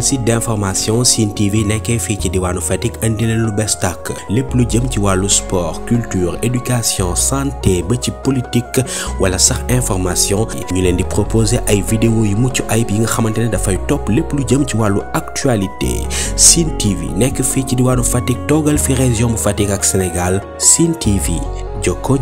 site d'information sin TV qu'un fichier ci diwanu Fatick andi leen lu bees tàkk plus lu jëm ci sport culture éducation santé ba ci politique wala sax information ñu leen di proposer ay vidéo yu muccu ay bi nga xamantene le top top lepp lu jëm ci walu actualité sin TV nek fi ci diwanu Fatick togal fi région bu ak Sénégal TV joko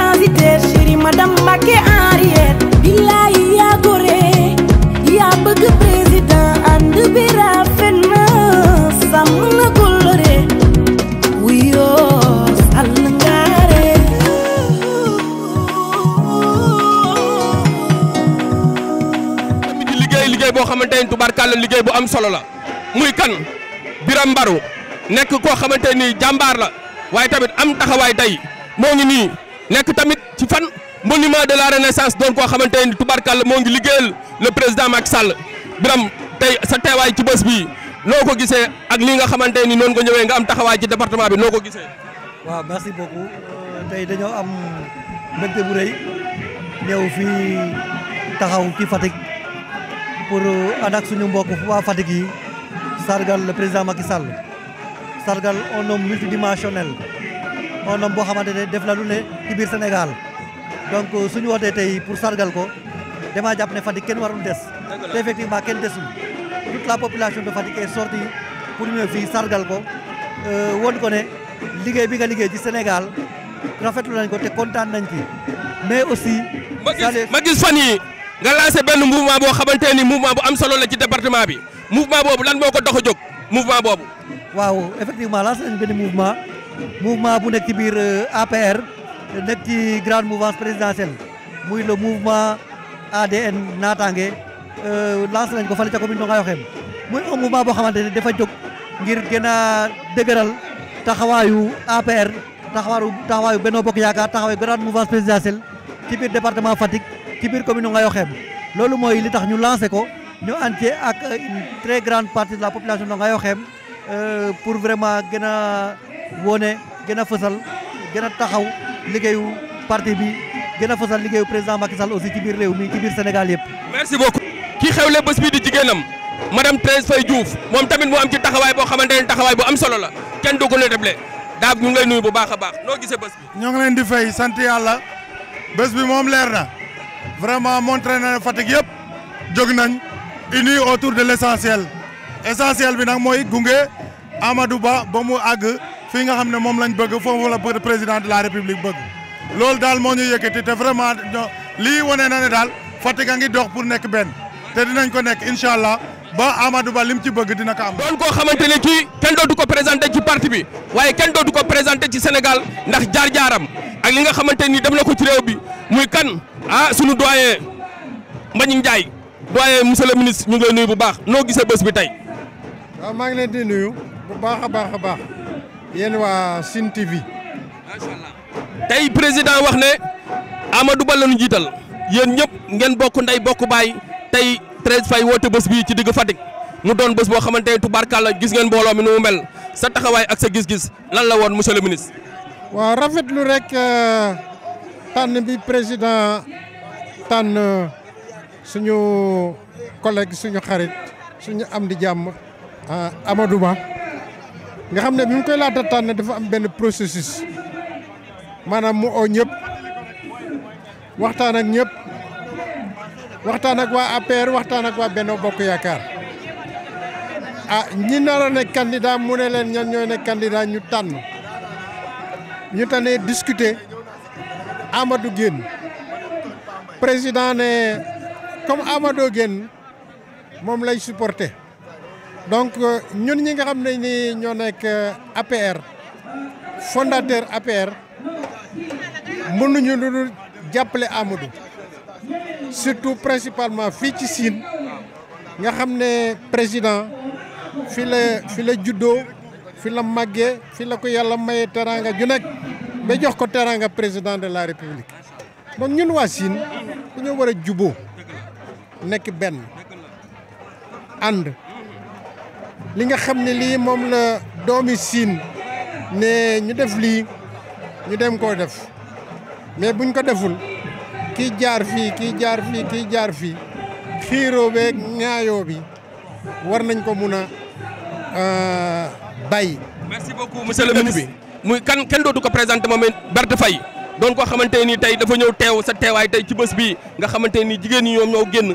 transitaire madame Mbacké arrière billaay yaa gore yaa bëgg président ànd bi rafet na sàmm na kolore wuyoo sàll ngaare tamit di liggéey liggéey boo xamante ni tubaarkàlla liggéey bu am solo la muy kan Biram Mbaru nekk koo xamante jàmbaar la waaye tamit am taxawaay tey moo ngi nii nekk tamit ci fan monument de la renaissance doon koo xamante ni tubarkàlla moo ngi liggéeyal le président Macky sàll biram tey sa teewaay ci bés bi noo ko gisee ak li nga xamante ni noonu nga ñëwee nga am taxawaay ci département bi noo ko gisee. waa merci beaucoup tey dañoo am mbégte bu rëy ñëw fii taxaw ci Fatick pour ànd suñu mbokk waa Fatick yi sargal la président Macky Sall sargal un homme multidimensionnel. un homme boo xamante ne def la lu ne ci biir Sénégal donc suñu wootee tey pour sargal ko damaa jàpp ne Fatick kenn warul des te effectivement kenn desul toute la population de Fatick est sortie pour ñu fii sargal ko euh, woon ko ne liggéey bi nga liggéey ci Sénégal rafetlu nañ ko te kontaan nañ ci mais aussi ma gis fan yi nga lancé benn mouvement boo xamante ni mouvement bu am solo la ci département bi mouvement boobu lan moo ko dox a jóg mouvement boobu waaw effectivement lancé nañ benn mouvement mouvement bu nekk ci biir euh, APR nekk ci grande mouvance présidentielle muy le mouvement ADN naataange euh, lancé nañ ko fale ca commune do nga yoxeem muy un mouvement boo xamante ne dafa jóg ngir gën a dëgëral taxawaayu APR taxawaayu taxawaayu Benno Bokk Yaakaar taxawaayu grande mouvance présidentielle ci biir département Fatick ci biir commune do nga yoxeem loolu mooy li tax ñu lancé ko ñu ànd ak euh, une très grande partie de la population do nga yoxeem a wone gën a fësal gën a taxaw liggéeyu parti bi gën a fësal liggéeyu président Macky Sall aussi ci biir réew mi ci biir Sénégal yëpp. merci beaucoup. ki xewle bés bi di jigéenam madame Thérèse Faye Diouf moom tamit mu am ci taxawaay boo xamante ne taxawaay bu am solo la kenn du ko netable daab ñu ngi lay bu baax a baax noo gisee bés bi. ñoo ngi leen di fay sant yàlla bés bi moom leer na vraiment montré na ne Fatick yëpp jóg nañ unis autour de l' essentiel essentiel bi nag mooy gunge Amadou Ba ba mu àgg. fi nga xamne mom lañ bëgg foofu la président de la république bëgg lool dal mo ñu yëkëti té vraiment li woné na né dal fatiga ngi dox pour nek ben té dinañ ko nek inshallah ba Amadou Ba lim ci bëgg dina ka am. doon ko xamanteni ci kii kenn dootu ko présenter ci parti bi waaye kenn dootu ko présenter ci Sénégal ndax jaar-jaaram ak li nga xamanteni dem na ko ci réew bi muy kan ah suñu doyen mbagn ndjay doyen monsieur le ministre ñu ngi lay nuyu bu baax no gisee bëss bi tay waaw maa ngi leen di nuyu bu baaxa baaxa baax. yéen waa sinti TV. tey président wax ne Amadou Ba lañu jiital yéen ñëpp ngeen bokk ndey bokk baay tey Thérèse Faye woote bés bii ci digg Fatick mu doon bés boo xamante ne tubaarkàlla gis ngeen mbooloo mi nu mu mel sa taxawaay ak sa gis-gis lan la woon monsieur le waa waaw rafetlu rek euh, tànn bi président tànn euh, suñu collègue suñu xarit suñu am di jàmm euh, Amadou Ba. nga xam ne bi mu koy laata tànn dafa am benn processus maanaam mu oo ñëpp waxtaan ak ñëpp waxtaan ak waa APR waxtaan ak waa benn Bokk Yaakaar ah ñi nar a nekk candidat mu ne leen ñan ñooy ne candidat ñu tànn ñu tànnee discuter Amadou génn président ne comme amadoo génn moom lay supporter donc ñun ñi nga xamné ne ni ño nek APR fondateur APR mënuñu lu dul Amadou surtout principalement fi ci Sine nga xamné ne président fi la fi la juddo fi la maggé fi la ko Yalla maye teranga ju nek ba jox ko teranga président de la république donc ñun wa Sine dañoo war a juboo nekk benn li nga xam ne lii moom la doomi siin ne ñu def lii ñu dem koo def mais buñ ko deful kii jaar fii kii jaar fii kii jaar fii xiiroo beeg ñaayoo bi war nañ ko mun a euh, bàyyi. merci beaucoup monsieur le ministre muy kan kenn dootu ko présenté moom it Berthe Faye doon koo xamante nii tey dafa ñëw teew sa teewaay tey ci bës bii nga xamante nii jigéen ñi ñoom ñoo génn.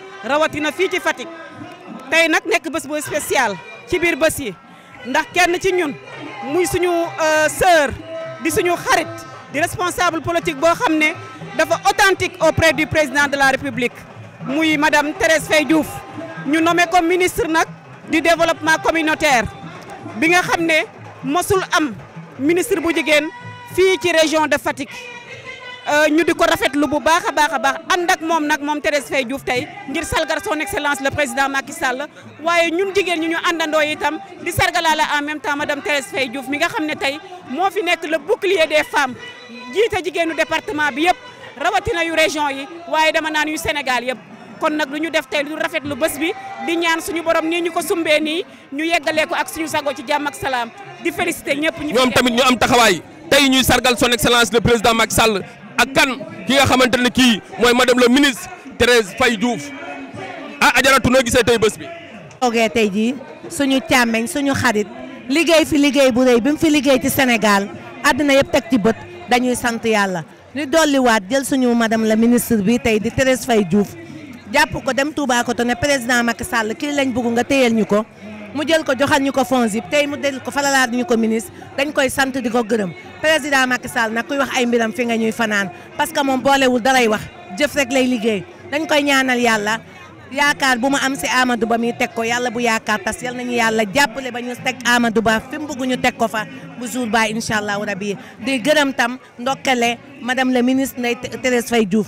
rawatina fi ci fatik tay nak nek bëss bu spécial ci bir bëss yi ndax kenn ci ñun muy suñu euh, sœur di suñu xarit di responsable politique bo xamné dafa authentique auprès du président de la République muy madame Thérèse Faye Diouf ñu nommé comme ministre nak du développement communautaire bi nga xamné am ministre bu jigéen fi ci région de Fatik. Euh, ñu di ko rafetlu bu baax a baax mom, baax mom. ak moom nag moom ngir sargal son excellence le président Macky Sall waaye ñun jigen ñu ñu àndandoo itam di la en même temps madame Thérèse Faye Diouf mi nga xam tay mo fi nekk le bouclier des femmes jita jigenu département bi rawati na yu région yi waye dama naan yu Sénégal yëpp kon nak lu def tay lu rafet lu bëss bi di ñaan suñu borom nii ñu ko sumbee nii ñu yeggalee ko ak suñu sago ci jàmm ak salaam di félicité ñu ñom tamit ñu am taxaway tay ñuy sargal son excellence le président Macky Sall ak kan ki nga xamante ne kii mooy madame le ministre Thérèse Faye Diouf ah ajaratu noo gisee tey bés bi. toogee tey jii suñu càmmeñ suñu xarit liggéey fi liggéey bu rëy bi mu fi liggéey ci Sénégal àddina yëpp teg ci bët dañuy sant yàlla ñu dolliwaat jël suñu madame la ministre bi tey di Thérèse Faye Diouf jàpp ko dem Toubacouta ne président Macky sàll kii lañ bugg nga téyel ñu ko. mu jël ko joxal ñu ko fonds yi tey mu del ko falalaat ñu ko ministre dañ koy sant di ko gërëm président Macky Sall nag kuy wax ay mbiram fi nga ñuy fanaan parce que moom boolewul daray wax jëf rek lay liggéey dañ koy ñaanal yàlla yaakaar bu mu am si amadu Ba muy teg ko yàlla bu yaakaar tas yal nañu yàlla jàppale ba ñu teg Amadou Ba fi mu ñu teg ko fa bu jour ba incha allahu rabi di gërëm tam ndokkale madame la ministre Ndeye Thérèse Faye Diouf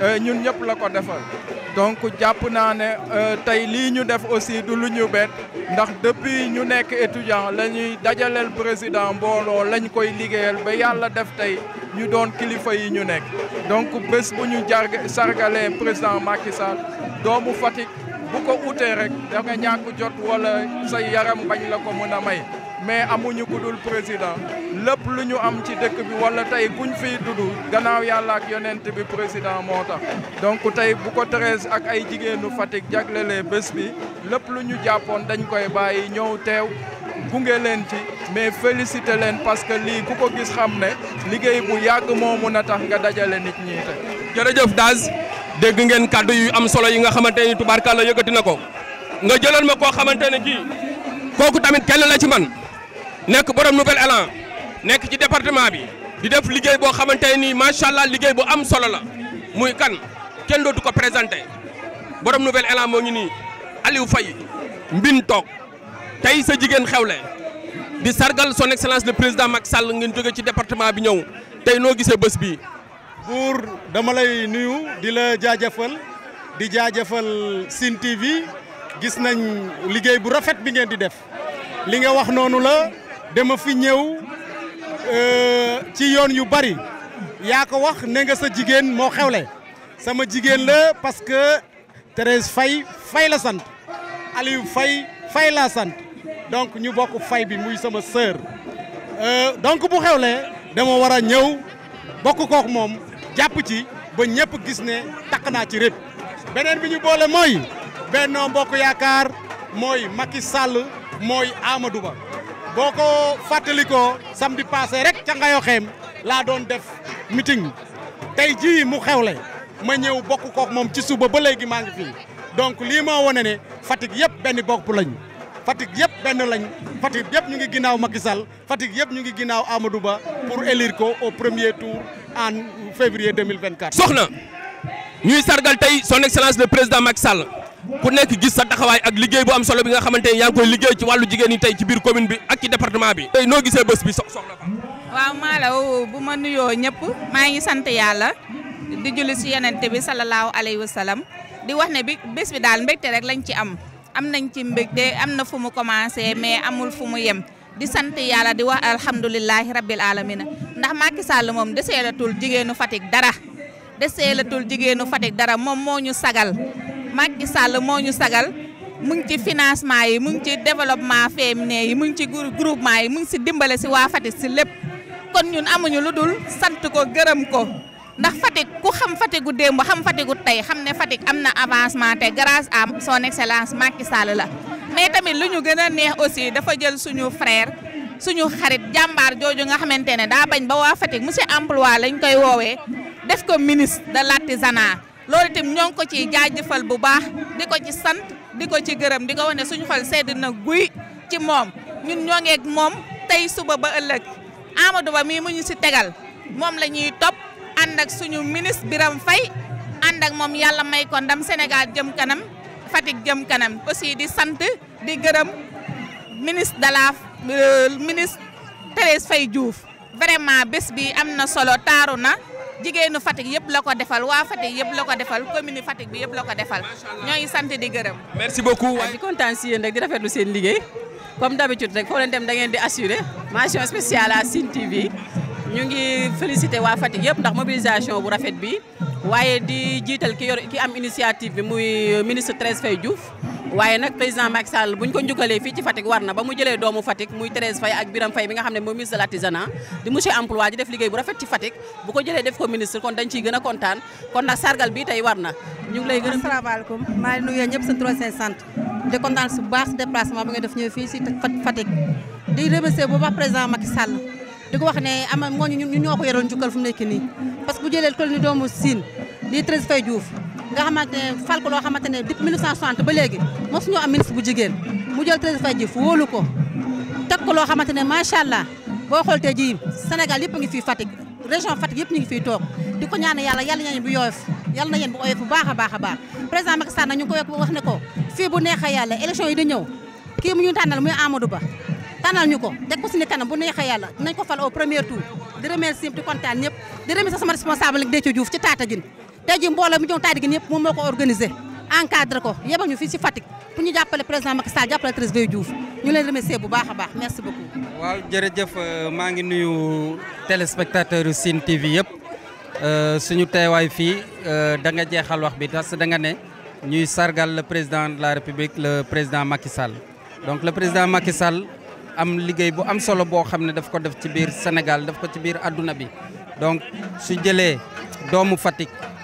Euh, ñun ñëpp la ko defal donc jàpp naa ne euh, tey lii ñu def aussi du lu ñu bett ndax depuis ñu nekk étudiant la ñuy dajaleel président mbooloo lañ koy liggéeyal ba yàlla def tey ñu doon kilifa yi ñu nekk donc bés bu ñu jarg sargalee président Macky Sall doomu Fatick bu ko utee rek da nga ñàkk jot wala say yaram bañ la ko mën a may mais amuñu ku dul président lépp lu ñu am ci dëkk bi wala tey buñ fiy dudd gannaaw yàlla ak yonent bi président moo tax. donc tey bu ko Thérèse ak ay jigéenu Fatick jaglelee bés bi lépp lu ñu jàppoon dañu koy bàyyi ñëw teew gunge leen ci mais félicité leen parce que lii ku ko gis xam ne liggéey bu yàgg moo mun a tax nga dajale nit ñi te. jërëjëf Daz dégg ngeen kàddu yu am solo yi nga xamante ni tubaarkàlla yëkkati na ko nga jëlal ma koo xamante ne kii kooku tamit kenn la ci man. nek borom nouvel élan nek ci département bi di def liguey bo xamante ni machallah liguey bu am solo la muy kan kenn dootu ko présenter borom nouvel élan mo ngi ni Aliou fay mbin tok tay sa jigen xewle di sargal son excellence le président mack Sall ngeen joge ci département bi ñew tay no gisee bëss bi buur dama lay nuyu di la jaajeufal di jaajeufal sin TV gis nañ liguey bu rafet bi ngeen di def li nga wax nonu la dama fi ñëw euh, ci yoon yu bari yaa ko wax ne nga sa jigéen moo xewle sama jigéen la parce que Thérèse fay Faye la sant Aliou fay fay laa sant donc ñu bokk fay bi muy sama sœur euh, donc bu xewlee dama war a ñëw bokk kook moom jàpp ci ba ñëpp gis ne takk naa ci rëb beneen bi ñu boole mooy Benno Bokk Yaakaar mooy Macky sàll mooy Amadou Ba boo ko fàttalikoo samedi passé rek ca Ngayoxeem laa doon def meeting tey jii mu xewle ma ñëw bokk kook moom ci suba ba léegi maa ngi fii donc lii moo wane ne Fatick yëpp benn bopp lañ Fatick yëpp benn lañ Fatick yëpp ñu ngi ginnaaw Macky Sall Fatick yëpp ñu ngi ginnaaw Amadou Ba pour élire ko au premier tour en février 2024. soxna ñuy sargal tey son excellence le président Macky Sall. ku nekk gis sa taxawaay ak liggéey bu am solo bi nga xamante ni yaa ngi koy liggéey ci wàllu jigéen ñi tey ci biir commune bi ak ci département bi. tey noo gisee bés bi soxla fa. waaw Malaw oh, oh, bu ma nuyoo ñëpp maa ngi sant yàlla di julli si yonent bi salallaahu alayhi wa salaam di wax ne bi bés bi daal mbégte rek lañ ci am am nañ ci mbégte am na fu mu commencé mais amul fu mu yem. di sant yàlla di wax alhamdulilahi rabbil alamina ndax Macky Sall moom deseelatul jigéenu Fatick dara deseelatul jigéenu Fatick dara moom moo ñu sagal Macky Sall moo ñu sagal mu ci financement yi mu ngi ci développement féminin yi mu ngi ci groupement yi mu ngi si dimbale si waa Fatick si lépp kon ñun amuñu lu dul sant ko gërëm ko ndax Fatick ku xam Fatick démb xam Fatick tey xam ne Fatick am na avancement te grâce à son excellence Macky Sall la mais tamit lu ñu gën a neex aussi dafa jël suñu frère suñu xarit jàmbaar jooju nga xamante ne daa bañ ba waa Fatick monsieur emploi lañ koy woowee def ko ministre de l'artisanat loolu itam ñoo ngi ko ciy jaajëfal bu baax di ko ci sant di ko ci gërëm di ko wane suñu xol sedd na guy ci moom ñu ñoo moom tey suba ba ëllëg Amadou Ba mii mu ñu si tegal moom la ñuy topp ànd ak suñu ministre Birame Faye ànd ak moom yàlla may ko ndam Sénégal jëm kanam Fatick jëm kanam aussi di sant di gërëm ministre de la euh, ministre Thérèse Faye Diouf vraiment bés bi am na solo taaru na. jigéenu Fatick yëpp la ko defal waa Fatick yëpp la ko defal commune Fatick bi yëpp la ko defal ñoo ngi sant di gërëm. merci beaucoup waaye di si yéen rek di rafetlu seen liggéey comme d'habitude rek foo leen dem da ngeen di assurer mention spéciale à Sine bi ñu ngi féliciter waa Fatick yëpp ndax mobilisation bu rafet bi waaye di jiital ki yor ki am initiative bi muy euh, ministre Thérèse Faye Diouf. waaye nag président Macky Sall bu ñu ko njukkalee fii ci Fatick war na ba mu jëlee doomu Fatick muy Thérèse Faye ak Birame Faye bi nga xam ne mooy ministre de l'artisanat di monsieur emploi di def liggéey bu rafet ci Fatick bu ko jëlee def ko ministre kon dañ ciy gën a kontaan kon nag sargal bi tey war na ñu ngi lay gën a asalaamaaleykum maa ngi nuyu ñëpp seen tur seen sant di kontaan su baax si déplacement bi nga def ñëw fii si Fatick di remercier bu baax président Macky ko wax ne ama moo ñu ñoo ko yoroon njukkal fu mu nekk nii parce que bu jëlee tol nga xamante ne fal ko loo xamante ne depuis 1960 ba léegi mosuñoo am ministre bu jigéen mu jël Thérèse Faye Diouf wóolu ko teg ko loo xamante ne macha allah boo xool tey jii Sénégal yëpp a ngi fii Fatick région Fatick yëpp ñu ngi fiy toog di ko ñaan yàlla yàlla ñaan bu yooyof yàlla na yéen bu oyof bu baax a baax a baax président Macky Sall ñu ngi koy wax ne ko fii bu neexee yàlla élection yi di ñëw kii mu ñu tànnal muy Amadou Ba ñu ko teg ko suñu kanam bu neexee yàlla nañ ko fal au premier tour di remercier di kontaan ñëpp di tey jii mbooloo mi ñëw Tataguine ñëpp moom moo ko organisé encadré ko yebal ñu fii si Fatick pour ñu président Macky Sall jàppale Thérèse Faye Diouf ñu leen remercier bu baax baax merci beaucoup. waaw jërëjëf euh, maa ngi nuyu téléspectateurs yu Sine TV yëpp euh, suñu teewaay fii euh, da nga jeexal wax bi parce da nga ne ñuy sargal le président de la république le président Macky Sall donc le président Macky Sall am liggéey bu am solo boo xam ne daf ko def ci biir Sénégal daf ko ci biir adduna bi donc su jëlee doomu Fatick.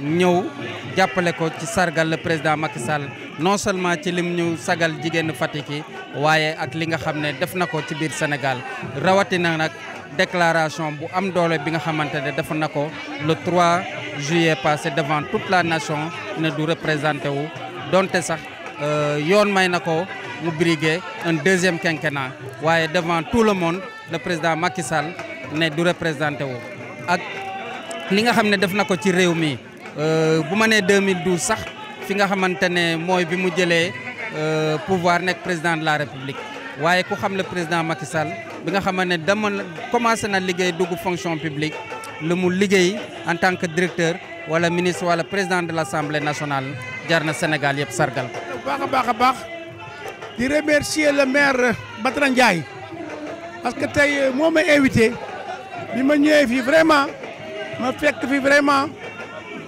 nous, jàppale ko ci sargal le président Macky Sall non seulement ci lim ñu sagal fait Fatick mais waaye ak li nga xam ne def ci biir Sénégal déclaration bu am doole bi nga le 3 juillet passé devant toute la nation ne du représenté wu donte sax euh, yoon may mu briguer un deuxième quinquennat mais devant tout le monde le président Macky Sall ne du représenté wu ak li nga xam ne euh, bu ma 2012 sax fi nga xamante ne bi mu jëlee euh, pouvoir nekk président de la république waaye ku xam le président Macky Sall bi nga xam ne dama commencé na liggéey dugg fonction publique Le mu liggéey en tant que directeur wala ministre wala président de l' assemblée nationale jar na Sénégal yëpp sargal ko. baax a baax di remercier le maire Badara Ndiaye parce que tey euh, moo ma invité bi ma ñëwee vraiment ma fekk fi vraiment.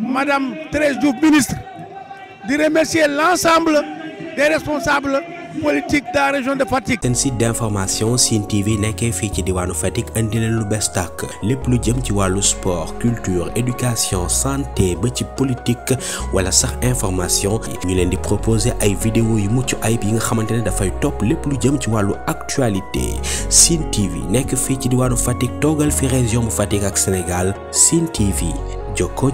Madame Thérèse Diouf, ministre, de remercier l'ensemble des responsables politiques de la région de Fatick. Un site d'information Sine TV nekkee fait de Wano Fatick un leen lu bees Les plus lu jëm ci le sport culture éducation santé ba politique voilà sax information Il est proposé proposer ay vidéo yu est ayib yi nga faire ne top les plus lu jëm ci wàllu actualité Sine TV nekk fii de diwaanu Fatick togal fi région bu Fatick Sénégal Sine TV Joko